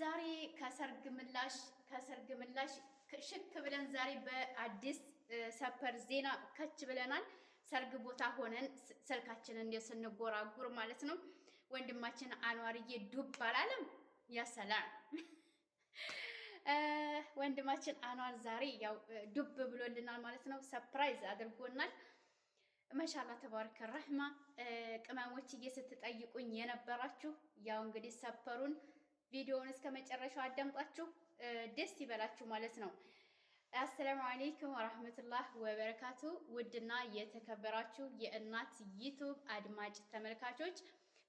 ዛሬ ከሰርግ ምላሽ ከሰርግ ምላሽ ሽክ ብለን ዛሬ በአዲስ ሰፐር ዜና ከች ብለናል። ሰርግ ቦታ ሆነን ስልካችንን እንደ ስንጎራጉር ማለት ነው። ወንድማችን አንዋርዬ ዱብ አላለም። ያሰላም ወንድማችን አኗር ዛሬ ያው ዱብ ብሎልናል ማለት ነው። ሰፕራይዝ አድርጎናል። መሻላ ተባረከ ረህማ ቅመሞች እየስትጠይቁኝ የነበራችሁ ያው እንግዲህ ሰፐሩን ቪዲዮውን እስከ መጨረሻው አዳምጣችሁ ደስ ይበላችሁ ማለት ነው። አሰላሙ አሌይኩም ወራህመቱላህ ወበረካቱ። ውድና የተከበራችሁ የእናት ዩቱብ አድማጭ ተመልካቾች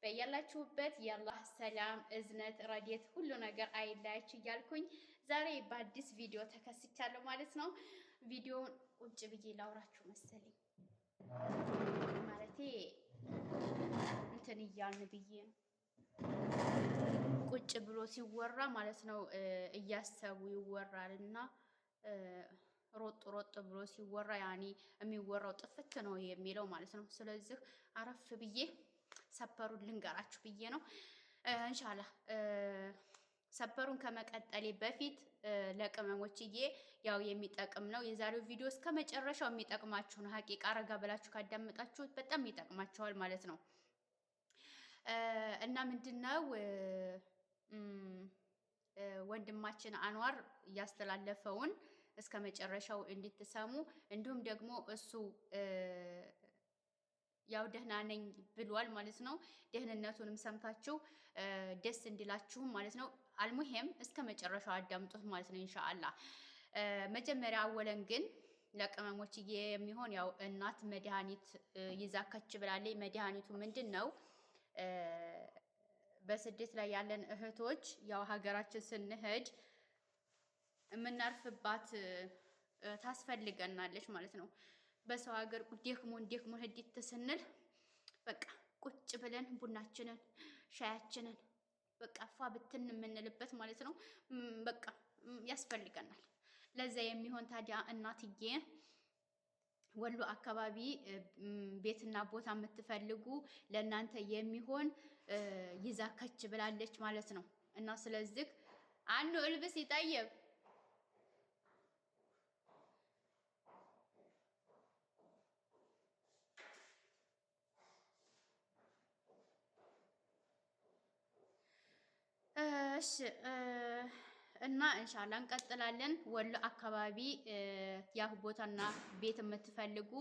በያላችሁበት የአላህ ሰላም እዝነት ረድኤት ሁሉ ነገር አይለያችሁ እያልኩኝ ዛሬ በአዲስ ቪዲዮ ተከስቻለሁ ማለት ነው። ቪዲዮውን ቁጭ ብዬ ላውራችሁ መሰለኝ ማለቴ እንትን እያልን ብዬ ነው ቁጭ ብሎ ሲወራ ማለት ነው እያሰቡ ይወራል እና ሮጥ ሮጥ ብሎ ሲወራ ያኔ የሚወራው ጥፍት ነው የሚለው ማለት ነው። ስለዚህ አረፍ ብዬ ሰበሩን ልንገራችሁ ብዬ ነው እንሻላ ሰበሩን ከመቀጠሌ በፊት ለቅመሞችዬ ያው የሚጠቅም ነው የዛሬው ቪዲዮ እስከ መጨረሻው የሚጠቅማችሁ ነው። ሀቂቃ አረጋ ብላችሁ ካዳመጣችሁት በጣም ይጠቅማችኋል ማለት ነው እና ምንድነው ወንድማችን አንዋር እያስተላለፈውን እስከ መጨረሻው እንድትሰሙ እንዲሁም ደግሞ እሱ ያው ደህና ነኝ ብሏል ማለት ነው። ደህንነቱንም ሰምታችሁ ደስ እንዲላችሁም ማለት ነው። አልሙሄም እስከ መጨረሻው አዳምጡት ማለት ነው እንሻአላ መጀመሪያ አወለን ግን ለቅመሞች የሚሆን ያው እናት መድኃኒት ይዛ ከች ብላለች። መድኃኒቱ ምንድን ነው? በስደት ላይ ያለን እህቶች ያው ሀገራችን ስንሄድ የምናርፍባት ታስፈልገናለች ማለት ነው። በሰው ሀገር ደክሞን ደክሞን ህዲት ስንል በቃ ቁጭ ብለን ቡናችንን ሻያችንን በቃ ፏ ብትን የምንልበት ማለት ነው። በቃ ያስፈልገናል። ለዛ የሚሆን ታዲያ እናትዬ ወሎ አካባቢ ቤትና ቦታ የምትፈልጉ ለእናንተ የሚሆን ይዛከች ብላለች ማለት ነው። እና ስለዚህ አንዱ እልብስ ይጠየብ እሺ እና እንሻላ እንቀጥላለን። ወሎ አካባቢ ያሁ ቦታና ቤት የምትፈልጉ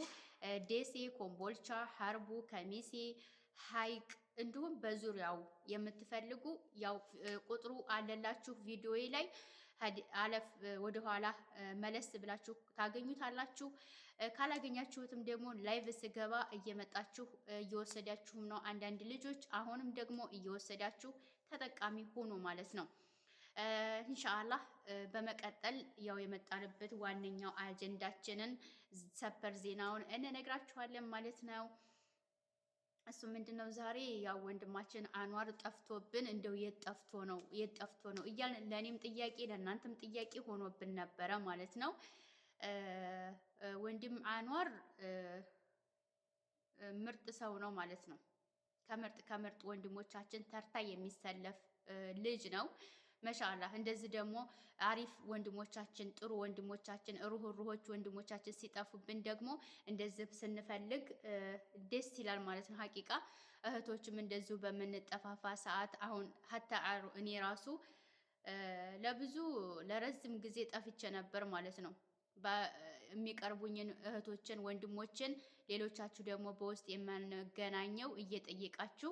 ደሴ፣ ኮምቦልቻ፣ ሀርቡ፣ ከሚሴ ሀይቅ እንዲሁም በዙሪያው የምትፈልጉ ያው ቁጥሩ አለላችሁ ቪዲዮ ላይ አለፍ ወደኋላ መለስ ብላችሁ ታገኙታላችሁ። ካላገኛችሁትም ደግሞ ላይቭ ስገባ እየመጣችሁ እየወሰዳችሁም ነው አንዳንድ ልጆች፣ አሁንም ደግሞ እየወሰዳችሁ ተጠቃሚ ሆኖ ማለት ነው። ኢንሻአላህ በመቀጠል ያው የመጣንበት ዋነኛው አጀንዳችንን ሰበር ዜናውን እንነግራችኋለን ማለት ነው። እሱ ምንድን ነው ዛሬ ያው ወንድማችን አኗር ጠፍቶብን እንደው የት ጠፍቶ ነው የት ጠፍቶ ነው እያልን ለእኔም ጥያቄ ለእናንተም ጥያቄ ሆኖብን ነበረ ማለት ነው። ወንድም አኗር ምርጥ ሰው ነው ማለት ነው። ከምርጥ ከምርጥ ወንድሞቻችን ተርታ የሚሰለፍ ልጅ ነው። መሻላ እንደዚህ ደግሞ አሪፍ ወንድሞቻችን ጥሩ ወንድሞቻችን ሩህሩሆች ወንድሞቻችን ሲጠፉብን ደግሞ እንደዚህ ስንፈልግ ደስ ይላል ማለት ነው። ሀቂቃ እህቶችም እንደዚሁ በምንጠፋፋ ሰዓት አሁን ሀታ እኔ ራሱ ለብዙ ለረዝም ጊዜ ጠፍቼ ነበር ማለት ነው። የሚቀርቡኝን እህቶችን ወንድሞችን፣ ሌሎቻችሁ ደግሞ በውስጥ የምንገናኘው እየጠየቃችሁ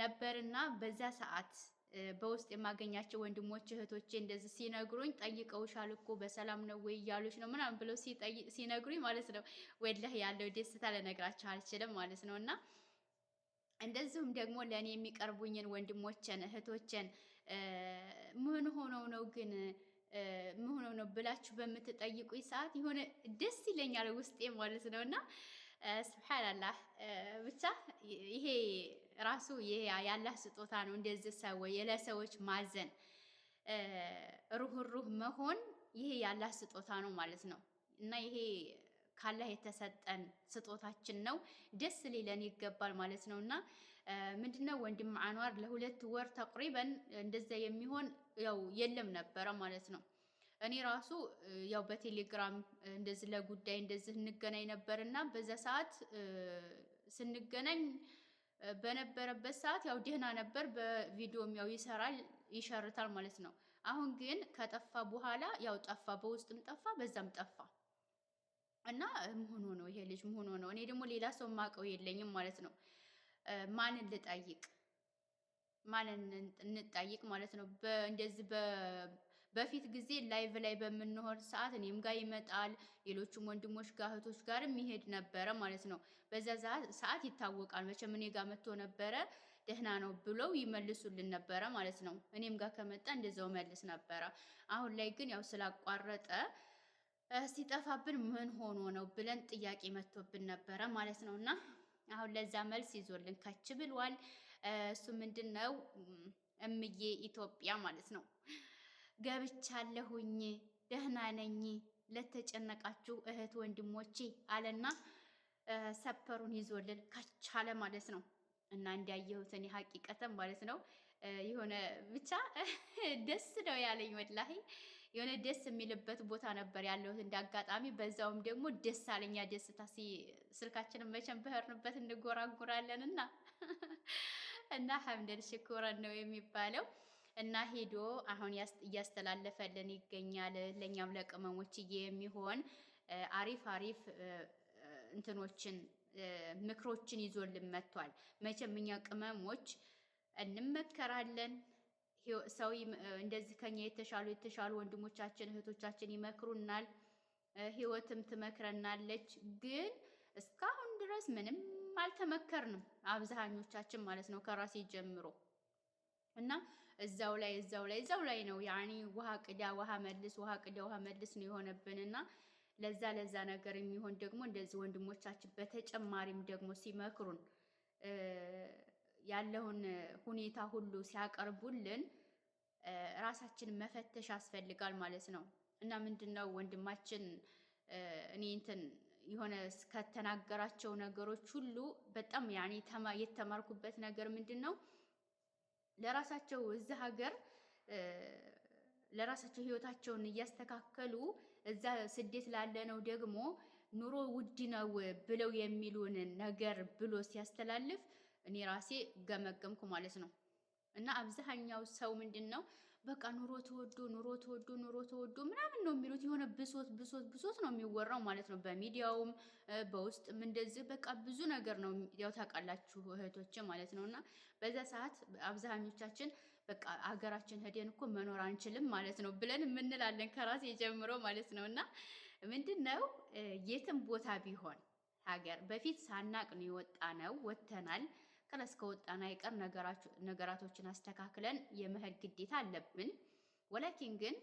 ነበርና በዛ ሰዓት በውስጥ የማገኛቸው ወንድሞች እህቶቼ እንደዚህ ሲነግሩኝ ጠይቀውሻል እኮ በሰላም ነው ወይ እያሉሽ ነው ምናምን ብለው ሲነግሩኝ ማለት ነው ወላህ ያለው ደስታ ልነግራቸው አልችልም ማለት ነው እና እንደዚሁም ደግሞ ለእኔ የሚቀርቡኝን ወንድሞችን እህቶችን ምን ሆነው ነው ግን ምን ሆነው ነው ብላችሁ በምትጠይቁኝ ሰዓት የሆነ ደስ ይለኛል ውስጤ ማለት ነው እና ስብሓንላህ ብቻ ይሄ ራሱ ይሄ ያላህ ስጦታ ነው። እንደዚህ ሰው ለሰዎች ማዘን ሩህሩህ መሆን ይሄ ያላህ ስጦታ ነው ማለት ነው እና ይሄ ካላህ የተሰጠን ስጦታችን ነው። ደስ ሊለን ይገባል ማለት ነው እና ምንድነው ወንድም አኗር ለሁለት ወር ተቅሪበን እንደዛ የሚሆን ያው የለም ነበረ ማለት ነው። እኔ ራሱ ያው በቴሌግራም እንደዚህ ለጉዳይ እንደዚህ እንገናኝ ነበር እና በዛ ሰዓት ስንገናኝ በነበረበት ሰዓት ያው ደህና ነበር። በቪዲዮም ያው ይሰራል ይሸርታል ማለት ነው። አሁን ግን ከጠፋ በኋላ ያው ጠፋ፣ በውስጥም ጠፋ፣ በዛም ጠፋ እና መሆኑ ነው ይሄ ልጅ መሆኑ ነው። እኔ ደግሞ ሌላ ሰው ማቀው የለኝም ማለት ነው። ማንን ልጠይቅ? ማንን እንጠይቅ ማለት ነው በእንደዚህ በ በፊት ጊዜ ላይቭ ላይ በምንሆን ሰዓት እኔም ጋር ይመጣል፣ ሌሎችም ወንድሞች ጋር እህቶች ጋርም ይሄድ ነበረ ማለት ነው። በዛ ሰዓት ይታወቃል መቼም እኔ ጋር መጥቶ ነበረ ደህና ነው ብለው ይመልሱልን ነበረ ማለት ነው። እኔም ጋር ከመጣ እንደዛው መልስ ነበረ። አሁን ላይ ግን ያው ስላቋረጠ ሲጠፋብን ምን ሆኖ ነው ብለን ጥያቄ መጥቶብን ነበረ ማለት ነው። እና አሁን ለዛ መልስ ይዞልን ከች ብሏል። እሱ ምንድን ነው እምዬ ኢትዮጵያ ማለት ነው። ገብቻለሁኝ፣ ደህና ነኝ ለተጨነቃችሁ እህት ወንድሞቼ አለና ሰፐሩን ይዞልን ከቻለ ማለት ነው። እና እንዲያየሁት እኔ ሀቂቀተም ማለት ነው የሆነ ብቻ ደስ ነው ያለኝ። ወላሂ የሆነ ደስ የሚልበት ቦታ ነበር ያለሁት እንደ አጋጣሚ። በዛውም ደግሞ ደስ አለኛ ደስታ። ስልካችንን መቼም በህርንበት እንጎራጉራለን እና እና ሐምደል ሽኩረን ነው የሚባለው። እና ሄዶ አሁን እያስተላለፈልን ይገኛል። ለእኛም ለቅመሞችዬ የሚሆን አሪፍ አሪፍ እንትኖችን ምክሮችን ይዞልን መጥቷል። መቼም እኛ ቅመሞች እንመከራለን። ሰው እንደዚህ ከኛ የተሻሉ የተሻሉ ወንድሞቻችን እህቶቻችን ይመክሩናል፣ ህይወትም ትመክረናለች። ግን እስካሁን ድረስ ምንም አልተመከርንም፣ አብዛኞቻችን ማለት ነው ከራሴ ጀምሮ እና እዛው ላይ እዛው ላይ እዛው ላይ ነው ያኒ ውሃ ቅዳ ውሃ መልስ፣ ውሃ ቅዳ ውሃ መልስ ነው የሆነብንና ለዛ ለዛ ነገር የሚሆን ደግሞ እንደዚህ ወንድሞቻችን በተጨማሪም ደግሞ ሲመክሩን ያለውን ሁኔታ ሁሉ ሲያቀርቡልን ራሳችን መፈተሽ ያስፈልጋል ማለት ነው እና ምንድን ነው ወንድማችን እኔ እንትን የሆነ ከተናገራቸው ነገሮች ሁሉ በጣም ያኔ የተማርኩበት ነገር ምንድን ነው ለራሳቸው እዛ ሀገር ለራሳቸው ህይወታቸውን እያስተካከሉ እዛ ስደት ላለ ነው ደግሞ ኑሮ ውድ ነው ብለው የሚሉን ነገር ብሎ ሲያስተላልፍ እኔ ራሴ ገመገምኩ ማለት ነው። እና አብዛኛው ሰው ምንድን ነው በቃ ኑሮ ተወዶ ኑሮ ተወዶ ኑሮ ተወዶ ምናምን ነው የሚሉት። የሆነ ብሶት ብሶት ብሶት ነው የሚወራው ማለት ነው። በሚዲያውም በውስጥም እንደዚህ በቃ ብዙ ነገር ነው ያው ታውቃላችሁ እህቶች ማለት ነው። እና በዛ ሰዓት አብዛኞቻችን በቃ ሀገራችን ሄደን እኮ መኖር አንችልም ማለት ነው ብለን የምንላለን ከራሴ ጀምሮ ማለት ነው። እና ምንድን ነው የትም ቦታ ቢሆን ሀገር በፊት ሳናቅ ነው የወጣ ነው ወጥተናል እስከ ወጣን አይቀር ነገራቶችን አስተካክለን የመሄድ ግዴታ አለብን። ወላኪን ግን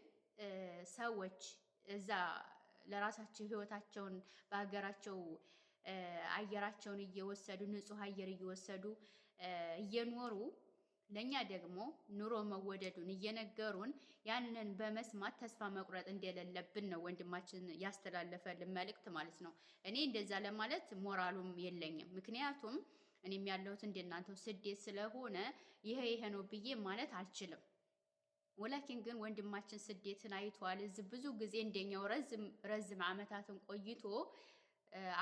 ሰዎች እዛ ለራሳቸው ህይወታቸውን በሀገራቸው አየራቸውን እየወሰዱ ንጹህ አየር እየወሰዱ እየኖሩ ለእኛ ደግሞ ኑሮ መወደዱን እየነገሩን ያንን በመስማት ተስፋ መቁረጥ እንደሌለብን ነው ወንድማችን ያስተላለፈልን መልእክት ማለት ነው። እኔ እንደዛ ለማለት ሞራሉም የለኝም። ምክንያቱም እኔም ያለሁት እንደናንተው ስደት ስለሆነ ይሄ ይሄ ነው ብዬ ማለት አልችልም። ወላኪን ግን ወንድማችን ስደትን አይቷል። እዚህ ብዙ ጊዜ እንደኛው ረዝም ዓመታትን ቆይቶ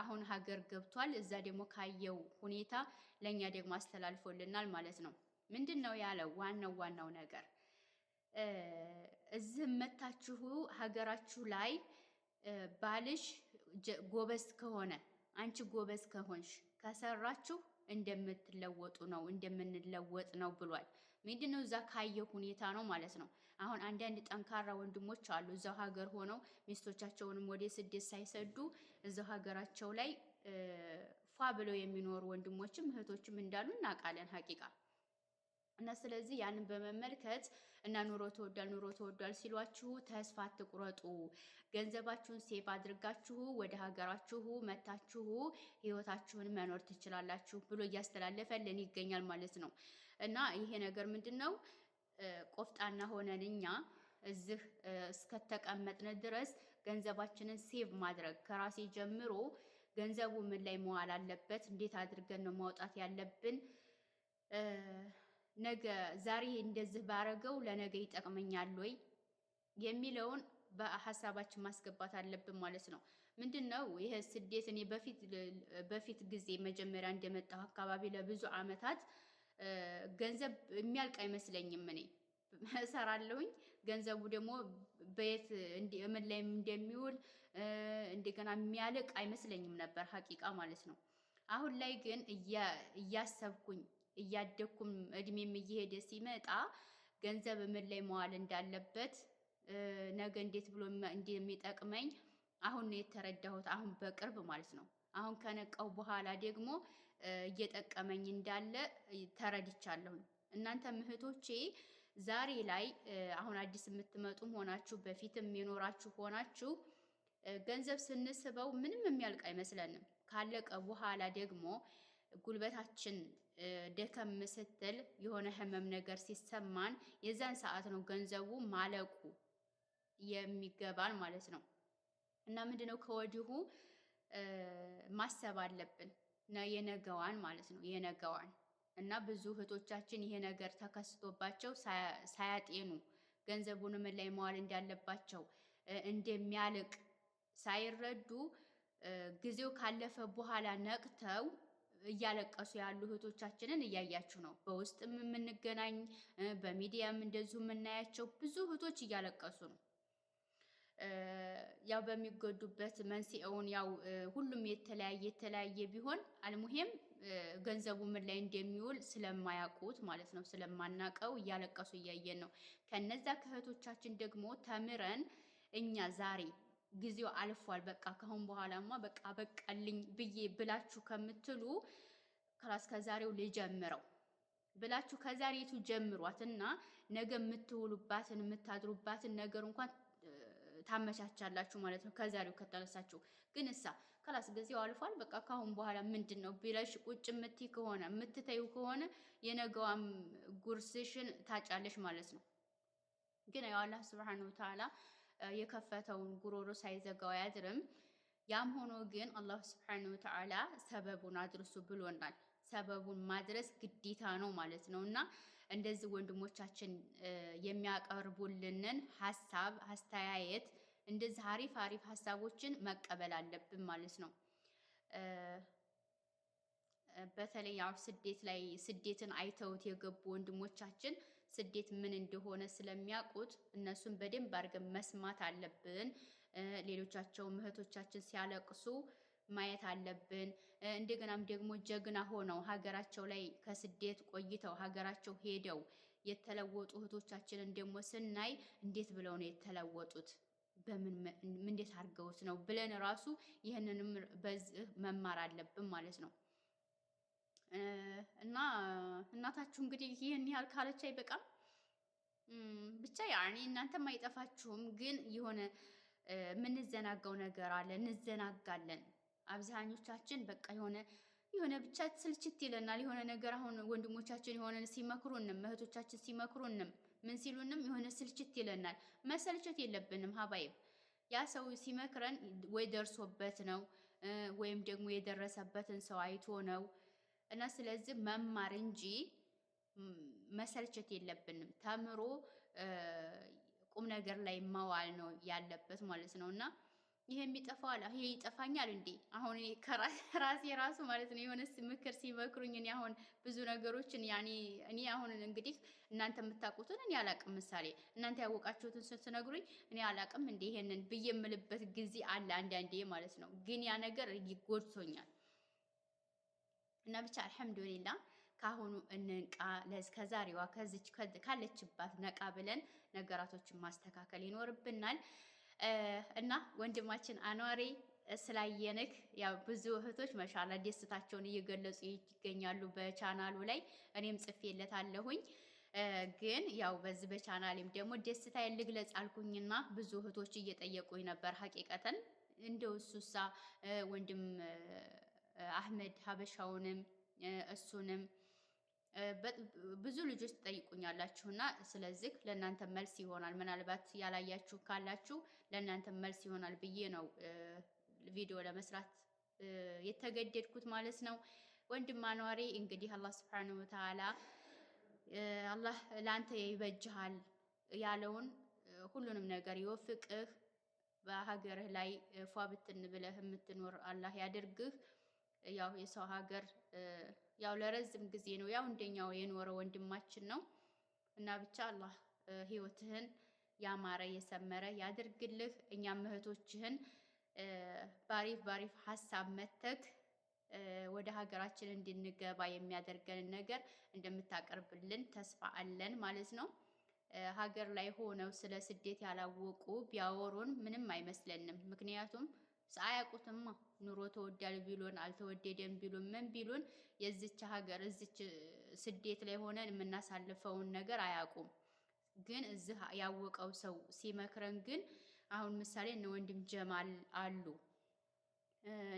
አሁን ሀገር ገብቷል። እዛ ደግሞ ካየው ሁኔታ ለእኛ ደግሞ አስተላልፎልናል ማለት ነው። ምንድን ነው ያለው? ዋናው ዋናው ነገር እዚህ መታችሁ ሀገራችሁ ላይ ባልሽ ጎበዝ ከሆነ አንቺ ጎበዝ ከሆንሽ ከሰራችሁ እንደምትለወጡ ነው እንደምንለወጥ ነው ብሏል። ምንድነው እዛ ካየ ሁኔታ ነው ማለት ነው። አሁን አንዳንድ ጠንካራ ወንድሞች አሉ እዛው ሀገር ሆነው ሚስቶቻቸውንም ወደ ስደት ሳይሰዱ እዛው ሀገራቸው ላይ ፏ ብለው የሚኖሩ ወንድሞችም እህቶችም እንዳሉ እናውቃለን ሀቂቃ እና ስለዚህ ያንን በመመልከት እና ኑሮ ተወዷል ኑሮ ተወዷል ሲሏችሁ ተስፋ አትቁረጡ። ገንዘባችሁን ሴቭ አድርጋችሁ ወደ ሀገራችሁ መታችሁ ህይወታችሁን መኖር ትችላላችሁ ብሎ እያስተላለፈልን ይገኛል ማለት ነው። እና ይሄ ነገር ምንድን ነው? ቆፍጣና ሆነን እኛ እዚህ እስከተቀመጥን ድረስ ገንዘባችንን ሴቭ ማድረግ ከራሴ ጀምሮ ገንዘቡ ምን ላይ መዋል አለበት፣ እንዴት አድርገን ነው ማውጣት ያለብን ነገ ዛሬ እንደዚህ ባረገው ለነገ ይጠቅመኛል ወይ የሚለውን በሀሳባችን ማስገባት አለብን ማለት ነው። ምንድን ነው ይህ ስደት? እኔ በፊት ጊዜ መጀመሪያ እንደመጣሁ አካባቢ ለብዙ አመታት ገንዘብ የሚያልቅ አይመስለኝም። እኔ እሰራለሁኝ ገንዘቡ ደግሞ በየት ምን ላይ እንደሚውል እንደገና የሚያልቅ አይመስለኝም ነበር ሀቂቃ ማለት ነው። አሁን ላይ ግን እያሰብኩኝ እያደግኩም እድሜም እየሄደ ሲመጣ ገንዘብ ምን ላይ መዋል እንዳለበት ነገ እንዴት ብሎ እንደሚጠቅመኝ አሁን ነው የተረዳሁት። አሁን በቅርብ ማለት ነው። አሁን ከነቃው በኋላ ደግሞ እየጠቀመኝ እንዳለ ተረድቻለሁኝ። እናንተ ምህቶቼ ዛሬ ላይ አሁን አዲስ የምትመጡም ሆናችሁ በፊትም የኖራችሁ ሆናችሁ ገንዘብ ስንስበው ምንም የሚያልቅ አይመስለንም። ካለቀ በኋላ ደግሞ ጉልበታችን ደከም ስትል የሆነ ህመም ነገር ሲሰማን የዛን ሰዓት ነው ገንዘቡ ማለቁ የሚገባን ማለት ነው። እና ምንድነው ከወዲሁ ማሰብ አለብን የነገዋን ማለት ነው የነገዋን እና ብዙ እህቶቻችን ይሄ ነገር ተከስቶባቸው ሳያጤኑ ገንዘቡን ምን ላይ መዋል እንዳለባቸው እንደሚያልቅ ሳይረዱ ጊዜው ካለፈ በኋላ ነቅተው እያለቀሱ ያሉ እህቶቻችንን እያያችሁ ነው። በውስጥም የምንገናኝ በሚዲያም እንደዚሁ የምናያቸው ብዙ እህቶች እያለቀሱ ነው። ያው በሚጎዱበት መንስኤውን ያው ሁሉም የተለያየ የተለያየ ቢሆን አልሙሄም ገንዘቡ ምን ላይ እንደሚውል ስለማያውቁት ማለት ነው ስለማናቀው እያለቀሱ እያየን ነው። ከነዛ ከእህቶቻችን ደግሞ ተምረን እኛ ዛሬ ጊዜው አልፏል፣ በቃ ከአሁን በኋላማ በቃ በቃልኝ ብዬ ብላችሁ ከምትሉ ክላስ ከዛሬው ልጀምረው ብላችሁ ከዛሬቱ ጀምሯት እና ነገ የምትውሉባትን የምታድሩባትን ነገር እንኳን ታመቻቻላችሁ ማለት ነው። ከዛሬው ከተነሳችሁ ግን እሳ ከላስ ጊዜው አልፏል በቃ ካሁን በኋላ ምንድን ነው ብለሽ ቁጭ የምትይ ከሆነ የምትተዩ ከሆነ የነገዋም ጉርስሽን ታጫለሽ ማለት ነው። ግን ያው አላህ ስብሐነሁ ወተዓላ የከፈተውን ጉሮሮ ሳይዘጋው አያድርም። ያም ሆኖ ግን አላህ ስብሓነ ወተዓላ ሰበቡን አድርሱ ብሎናል። ሰበቡን ማድረስ ግዴታ ነው ማለት ነው እና እንደዚህ ወንድሞቻችን የሚያቀርቡልንን ሀሳብ አስተያየት፣ እንደዚህ አሪፍ አሪፍ ሀሳቦችን መቀበል አለብን ማለት ነው። በተለይ ያው ስደት ላይ ስደትን አይተውት የገቡ ወንድሞቻችን ስደት ምን እንደሆነ ስለሚያውቁት እነሱን በደንብ አድርገን መስማት አለብን። ሌሎቻቸው እህቶቻችን ሲያለቅሱ ማየት አለብን። እንደገናም ደግሞ ጀግና ሆነው ሀገራቸው ላይ ከስደት ቆይተው ሀገራቸው ሄደው የተለወጡ እህቶቻችንን ደግሞ ስናይ እንዴት ብለው ነው የተለወጡት በምን እንዴት አድርገውት ነው ብለን ራሱ ይህንንም በዚህ መማር አለብን ማለት ነው። እናታችሁ እንግዲህ ይህን ያህል ካለች አይበቃም። ብቻ ያኔ እናንተም አይጠፋችሁም፣ ግን የሆነ የምንዘናጋው ነገር አለ፣ እንዘናጋለን። አብዛኞቻችን በቃ የሆነ የሆነ ብቻ ስልችት ይለናል የሆነ ነገር። አሁን ወንድሞቻችን የሆነ ሲመክሩንም እህቶቻችን ሲመክሩንም ምን ሲሉንም የሆነ ስልችት ይለናል። መሰልቸት የለብንም ሀባይብ ያ ሰው ሲመክረን ወይ ደርሶበት ነው ወይም ደግሞ የደረሰበትን ሰው አይቶ ነው እና ስለዚህ መማር እንጂ መሰልቸት የለብንም። ተምሮ ቁም ነገር ላይ መዋል ነው ያለበት ማለት ነው እና ይሄ የሚጠፋው አለ ይሄ ይጠፋኛል እንዴ? አሁን ከራሴ ራሱ ማለት ነው የሆነ ምክር ሲመክሩኝ እኔ አሁን ብዙ ነገሮችን ያኔ እኔ አሁን እንግዲህ እናንተ የምታውቁትን እኔ አላቅም። ምሳሌ እናንተ ያወቃችሁትን ስትነግሩኝ እኔ አላቅም እንዴ ይሄንን ብዬ የምልበት ጊዜ አለ አንዳንዴ ማለት ነው። ግን ያ ነገር ይጎድቶኛል። እና ብቻ አልሐምዱሊላ ካሁኑ እንንቃ። ከዛሬዋ ከዚች ካለችባት ነቃ ብለን ነገራቶችን ማስተካከል ይኖርብናል። እና ወንድማችን አኗሪ ስላየንክ ያው ብዙ እህቶች መሻላ ደስታቸውን እየገለጹ ይገኛሉ በቻናሉ ላይ እኔም ጽፌለታለሁኝ። ግን ያው በዚህ በቻናሌም ደግሞ ደስታ ልግለጽ አልኩኝና ብዙ እህቶች እየጠየቁኝ ነበር። ሀቂቀተን እንደው እሱሳ ወንድም አህመድ ሀበሻውንም እሱንም ብዙ ልጆች ትጠይቁኛላችሁና ስለዚህ ለእናንተ መልስ ይሆናል። ምናልባት ያላያችሁ ካላችሁ ለእናንተ መልስ ይሆናል ብዬ ነው ቪዲዮ ለመስራት የተገደድኩት ማለት ነው። ወንድም አኗሪ እንግዲህ አላህ ስብሐነሁ ወተዓላ አላህ ለአንተ ይበጅሃል ያለውን ሁሉንም ነገር ይወፍቅህ። በሀገርህ ላይ ፏ ብትን ብለህ የምትኖር አላህ ያደርግህ ያው የሰው ሀገር ያው ለረዝም ጊዜ ነው ያው እንደኛው የኖረ ወንድማችን ነው እና ብቻ አላህ ህይወትህን ያማረ የሰመረ ያድርግልህ። እኛም እህቶችህን ባሪፍ ባሪፍ ሀሳብ መተክ ወደ ሀገራችን እንድንገባ የሚያደርገንን ነገር እንደምታቀርብልን ተስፋ አለን ማለት ነው። ሀገር ላይ ሆነው ስለ ስደት ያላወቁ ቢያወሩን ምንም አይመስለንም። ምክንያቱም አያውቁትማ። ኑሮ ተወዳል ቢሉን አልተወደደም ቢሉን ምን ቢሉን የዚች ሀገር እዚች ስደት ላይ ሆነን የምናሳልፈውን ነገር አያውቁም። ግን እዚህ ያወቀው ሰው ሲመክረን ግን አሁን ምሳሌ እነ ወንድም ጀማል አሉ፣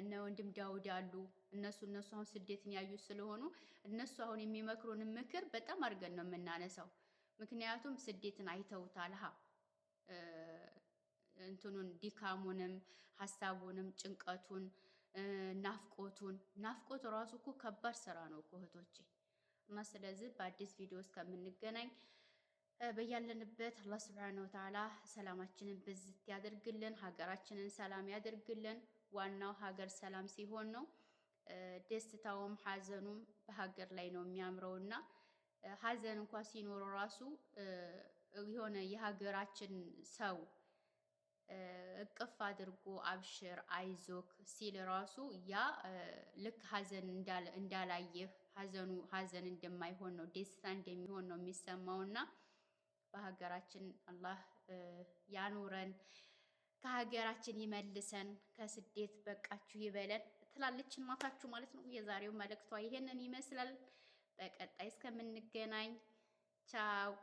እነ ወንድም ዳውድ አሉ። እነሱ እነሱ አሁን ስደትን ያዩ ስለሆኑ እነሱ አሁን የሚመክሩን ምክር በጣም አድርገን ነው የምናነሳው። ምክንያቱም ስደትን አይተውታል ሀ እንትኑን ድካሙንም ሀሳቡንም ጭንቀቱን ናፍቆቱን ናፍቆት ራሱ እኮ ከባድ ስራ ነው እኮ እህቶቼ። እና ስለዚህ በአዲስ ቪዲዮ እስከምንገናኝ በያለንበት አላህ ስብሐነ ወተዓላ ሰላማችንን ብዝት ያደርግልን፣ ሀገራችንን ሰላም ያደርግልን። ዋናው ሀገር ሰላም ሲሆን ነው ደስታውም ሀዘኑም በሀገር ላይ ነው የሚያምረው እና ሀዘን እንኳ ሲኖረው ራሱ የሆነ የሀገራችን ሰው እቅፍ አድርጎ አብሽር አይዞክ ሲል ራሱ ያ ልክ ሀዘን እንዳላየህ ሀዘኑ ሀዘን እንደማይሆን ነው ደስታ እንደሚሆን ነው የሚሰማውና በሀገራችን አላህ ያኑረን፣ ከሀገራችን ይመልሰን፣ ከስደት በቃችሁ ይበለን ትላለችን ማታችሁ ማለት ነው። የዛሬው መልእክቷ ይሄንን ይመስላል። በቀጣይ እስከምንገናኝ ቻው።